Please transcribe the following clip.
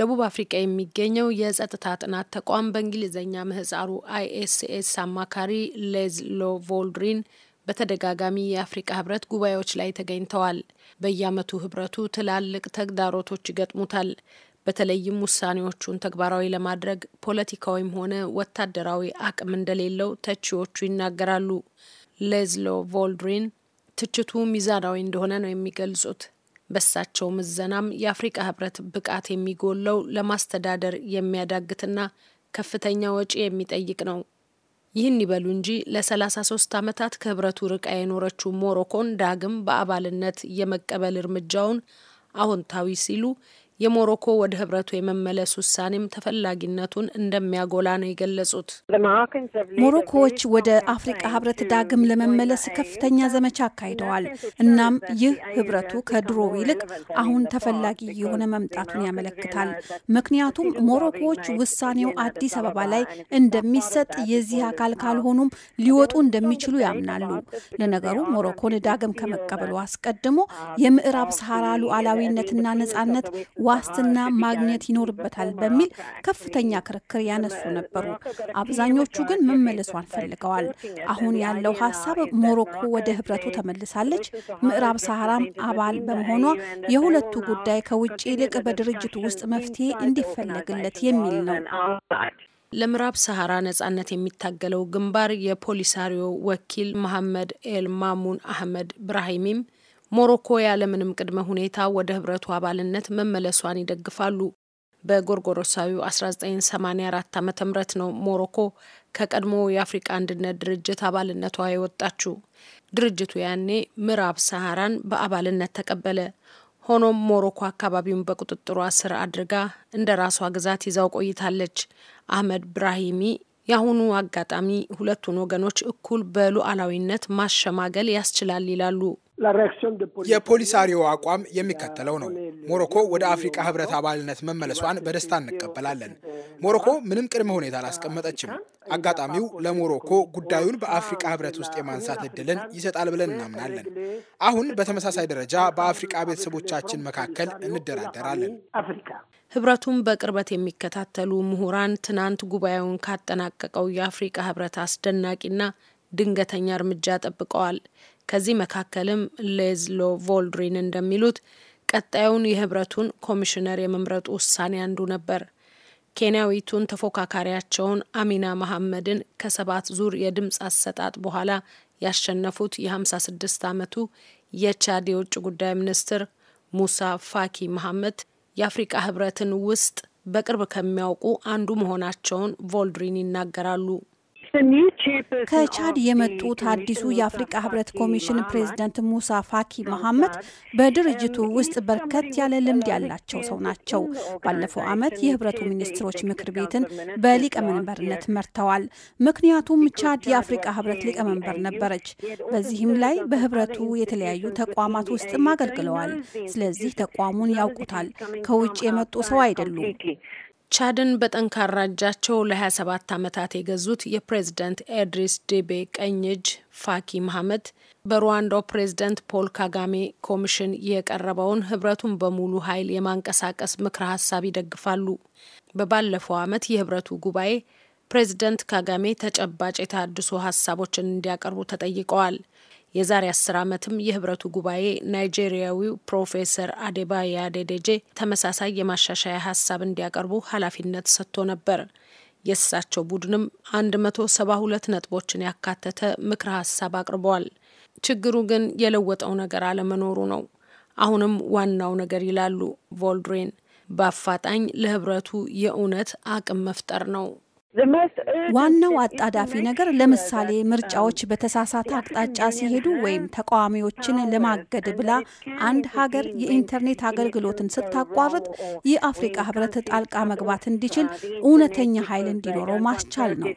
ደቡብ አፍሪቃ የሚገኘው የጸጥታ ጥናት ተቋም በእንግሊዝኛ ምህጻሩ አይኤስኤስ አማካሪ ሌዝሎ ቮልድሪን በተደጋጋሚ የአፍሪቃ ህብረት ጉባኤዎች ላይ ተገኝተዋል። በየአመቱ ህብረቱ ትላልቅ ተግዳሮቶች ይገጥሙታል። በተለይም ውሳኔዎቹን ተግባራዊ ለማድረግ ፖለቲካዊም ሆነ ወታደራዊ አቅም እንደሌለው ተቺዎቹ ይናገራሉ። ሌዝሎ ቮልድሪን ትችቱ ሚዛናዊ እንደሆነ ነው የሚገልጹት። በሳቸው ምዘናም የአፍሪቃ ህብረት ብቃት የሚጎለው ለማስተዳደር የሚያዳግትና ከፍተኛ ወጪ የሚጠይቅ ነው። ይህን ይበሉ እንጂ ለ33 ዓመታት ከህብረቱ ርቃ የኖረችው ሞሮኮን ዳግም በአባልነት የመቀበል እርምጃውን አዎንታዊ ሲሉ የሞሮኮ ወደ ህብረቱ የመመለስ ውሳኔም ተፈላጊነቱን እንደሚያጎላ ነው የገለጹት። ሞሮኮዎች ወደ አፍሪቃ ህብረት ዳግም ለመመለስ ከፍተኛ ዘመቻ አካሂደዋል። እናም ይህ ህብረቱ ከድሮው ይልቅ አሁን ተፈላጊ የሆነ መምጣቱን ያመለክታል። ምክንያቱም ሞሮኮዎች ውሳኔው አዲስ አበባ ላይ እንደሚሰጥ የዚህ አካል ካልሆኑም ሊወጡ እንደሚችሉ ያምናሉ። ለነገሩ ሞሮኮን ዳግም ከመቀበሉ አስቀድሞ የምዕራብ ሰሃራ ሉዓላዊነትና ነጻነት ዋስትና ማግኘት ይኖርበታል በሚል ከፍተኛ ክርክር ያነሱ ነበሩ። አብዛኞቹ ግን መመለሷን ፈልገዋል። አሁን ያለው ሀሳብ ሞሮኮ ወደ ህብረቱ ተመልሳለች፣ ምዕራብ ሰሃራም አባል በመሆኗ የሁለቱ ጉዳይ ከውጭ ይልቅ በድርጅቱ ውስጥ መፍትሄ እንዲፈለግለት የሚል ነው። ለምዕራብ ሰሃራ ነጻነት የሚታገለው ግንባር የፖሊሳሪዮ ወኪል መሐመድ ኤል ማሙን አህመድ ብራሂሚም ሞሮኮ ያለምንም ቅድመ ሁኔታ ወደ ህብረቱ አባልነት መመለሷን ይደግፋሉ። በጎርጎሮሳዊው 1984 ዓ ም ነው ሞሮኮ ከቀድሞ የአፍሪቃ አንድነት ድርጅት አባልነቷ የወጣችው። ድርጅቱ ያኔ ምዕራብ ሰሃራን በአባልነት ተቀበለ። ሆኖም ሞሮኮ አካባቢውን በቁጥጥሯ ስር አድርጋ እንደ ራሷ ግዛት ይዛው ቆይታለች። አህመድ ብራሂሚ የአሁኑ አጋጣሚ ሁለቱን ወገኖች እኩል በሉዓላዊነት ማሸማገል ያስችላል ይላሉ። የፖሊሳሪዮ አቋም የሚከተለው ነው። ሞሮኮ ወደ አፍሪቃ ህብረት አባልነት መመለሷን በደስታ እንቀበላለን። ሞሮኮ ምንም ቅድመ ሁኔታ አላስቀመጠችም። አጋጣሚው ለሞሮኮ ጉዳዩን በአፍሪቃ ህብረት ውስጥ የማንሳት እድልን ይሰጣል ብለን እናምናለን። አሁን በተመሳሳይ ደረጃ በአፍሪቃ ቤተሰቦቻችን መካከል እንደራደራለን። ህብረቱን በቅርበት የሚከታተሉ ምሁራን ትናንት ጉባኤውን ካጠናቀቀው የአፍሪቃ ህብረት አስደናቂና ድንገተኛ እርምጃ ጠብቀዋል። ከዚህ መካከልም ሌዝሎ ቮልድሪን እንደሚሉት ቀጣዩን የህብረቱን ኮሚሽነር የመምረጡ ውሳኔ አንዱ ነበር። ኬንያዊቱን ተፎካካሪያቸውን አሚና መሐመድን ከሰባት ዙር የድምፅ አሰጣጥ በኋላ ያሸነፉት የ56 ዓመቱ የቻድ የውጭ ጉዳይ ሚኒስትር ሙሳ ፋኪ መሐመድ የአፍሪቃ ህብረትን ውስጥ በቅርብ ከሚያውቁ አንዱ መሆናቸውን ቮልድሪን ይናገራሉ። ከቻድ የመጡት አዲሱ የአፍሪቃ ህብረት ኮሚሽን ፕሬዝደንት ሙሳ ፋኪ መሐመድ በድርጅቱ ውስጥ በርከት ያለ ልምድ ያላቸው ሰው ናቸው። ባለፈው ዓመት የህብረቱ ሚኒስትሮች ምክር ቤትን በሊቀመንበርነት መርተዋል። ምክንያቱም ቻድ የአፍሪቃ ህብረት ሊቀመንበር ነበረች። በዚህም ላይ በህብረቱ የተለያዩ ተቋማት ውስጥም አገልግለዋል። ስለዚህ ተቋሙን ያውቁታል። ከውጭ የመጡ ሰው አይደሉም። ቻድን በጠንካራ እጃቸው ለ27 ዓመታት የገዙት የፕሬዝደንት ኤድሪስ ዴቤ ቀኝ እጅ ፋኪ መሐመድ በሩዋንዳው ፕሬዝደንት ፖል ካጋሜ ኮሚሽን የቀረበውን ህብረቱን በሙሉ ኃይል የማንቀሳቀስ ምክረ ሀሳብ ይደግፋሉ። በባለፈው ዓመት የህብረቱ ጉባኤ ፕሬዚደንት ካጋሜ ተጨባጭ የተሃድሶ ሀሳቦችን እንዲያቀርቡ ተጠይቀዋል። የዛሬ አስር ዓመትም የህብረቱ ጉባኤ ናይጄሪያዊው ፕሮፌሰር አዴባዮ አዴዴጄ ተመሳሳይ የማሻሻያ ሀሳብ እንዲያቀርቡ ኃላፊነት ሰጥቶ ነበር። የእሳቸው ቡድንም 172 ነጥቦችን ያካተተ ምክረ ሀሳብ አቅርበዋል። ችግሩ ግን የለወጠው ነገር አለመኖሩ ነው። አሁንም ዋናው ነገር ይላሉ ቮልድሬን፣ በአፋጣኝ ለህብረቱ የእውነት አቅም መፍጠር ነው። ዋናው አጣዳፊ ነገር ለምሳሌ ምርጫዎች በተሳሳተ አቅጣጫ ሲሄዱ ወይም ተቃዋሚዎችን ለማገድ ብላ አንድ ሀገር የኢንተርኔት አገልግሎትን ስታቋርጥ የአፍሪቃ ሕብረት ጣልቃ መግባት እንዲችል እውነተኛ ኃይል እንዲኖረው ማስቻል ነው።